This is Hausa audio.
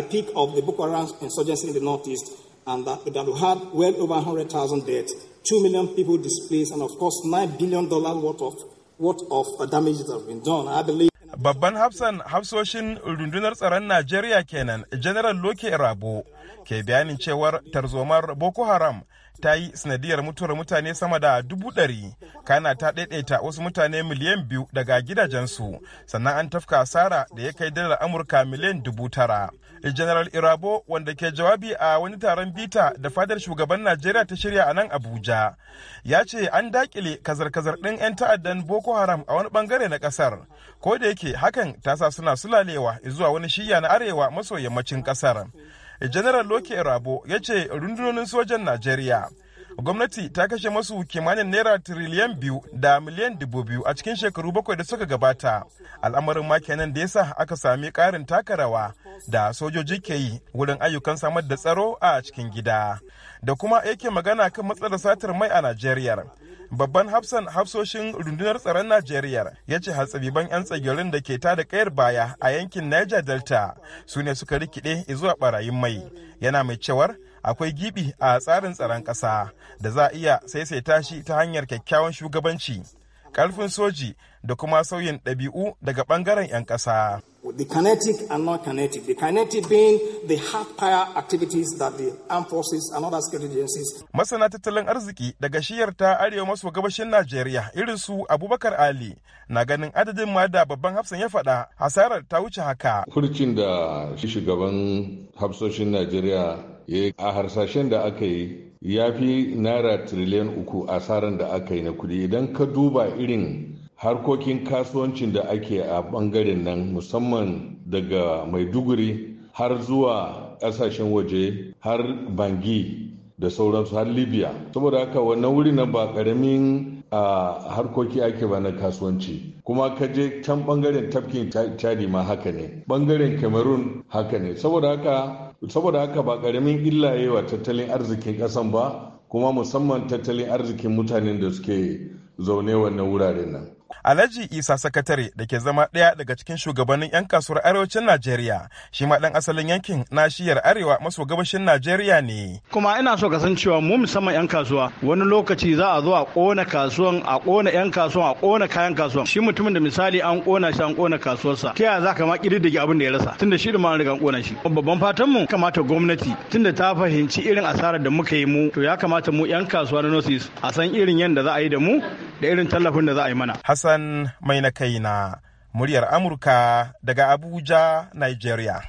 the peak of the Boko Haram insurgency in the northeast, and that, that we had well over 100,000 deaths, 2 million people displaced, and of course, $9 billion worth of, worth of uh, damage that has been done. I believe. Babban hafsan hafsoshin rundunar tsaron Najeriya kenan, General Loke Rabo. ke bayanin cewar tarzomar Boko Haram ta yi sanadiyar mutuwar mutane sama da dubu ɗari kana ta ɗaiɗaita wasu mutane miliyan biyu daga gidajensu sannan an tafka asara da ya kai dalar amurka miliyan dubu tara general irabo wanda ke jawabi a wani taron bita da fadar shugaban najeriya ta shirya a nan abuja ya ce an dakile kazar-kazar ɗin 'yan ta'addan boko haram a wani bangare na ƙasar ko da yake hakan ta sa suna sulalewa zuwa wani shiya na arewa maso yammacin ƙasar General Loke Rabo ya ce rundunonin sojan Najeriya gwamnati ta kashe masu kimanin naira tiriliyan biyu da miliyan dubu biyu a cikin shekaru bakwai da suka gabata al'amarin ma kenan da yasa aka sami karin takarawa da sojoji ke yi wurin ayyukan samar da tsaro a cikin gida da kuma yake magana kan matsalar satar mai a najeriya babban hafsan hafsoshin rundunar tsaron najeriya ya ce hatsabiban 'yan tsagirin da ke da kayar baya a yankin niger delta su ne suka rikide zuwa barayin mai yana mai cewar akwai gibi a tsarin tsaron ƙasa da za a iya saisaita shi ta hanyar kyakkyawan shugabanci ƙarfin soji da kuma sauyin ɗabi'u daga ɓangaren 'yan ƙasa The kinetic and non-kinetic. The kinetic being the hard-fire activities that the armed forces and other security agencies. Masana tattalin arziki daga shiyar ta arewa maso gabashin Najeriya irin su Abubakar Ali na ganin adadin ma da babban hafsan ya fada hasarar ta wuce haka. Furcin da shugaban hafsoshin Najeriya ya a harsashen da aka yi ya fi naira triliyan uku asaran da aka yi na kudi idan ka duba irin harkokin kasuwancin da ake a bangaren nan musamman daga maiduguri har zuwa kasashen waje har bangi da sauransu har libya saboda haka wannan wuri na ba karamin a harkoki ake ba na kasuwanci kuma ka je can bangaren tafkin chadi ma haka ne bangaren cameroon haka ne saboda haka ba karamin illa wa tattalin arzikin kasan ba kuma musamman tattalin arzikin mutanen da suke zaune wannan wuraren nan Alhaji Isa Sakatare da ke zama ɗaya daga cikin shugabannin 'yan kasuwar arewacin Najeriya shi ma ɗan asalin yankin na shiyar arewa maso gabashin Najeriya ne. Kuma ina so ka san cewa mu musamman 'yan kasuwa wani lokaci za a zo a ƙona kasuwan a ƙona 'yan kasuwan a ƙona kayan kasuwan shi mutumin da misali an ƙona shi an ƙona kasuwarsa ta yaya za ka ma ƙididdige abin da ya rasa tunda shi da ma riga an ƙona shi. Babban fatan mu kamata gwamnati tunda ta fahimci irin asarar da muka yi mu to ya kamata mu 'yan kasuwa na North a san irin yadda za a yi da mu da irin tallafin da za a yi mana. Hassan mai na kaina muryar Amurka daga Abuja, Nigeria.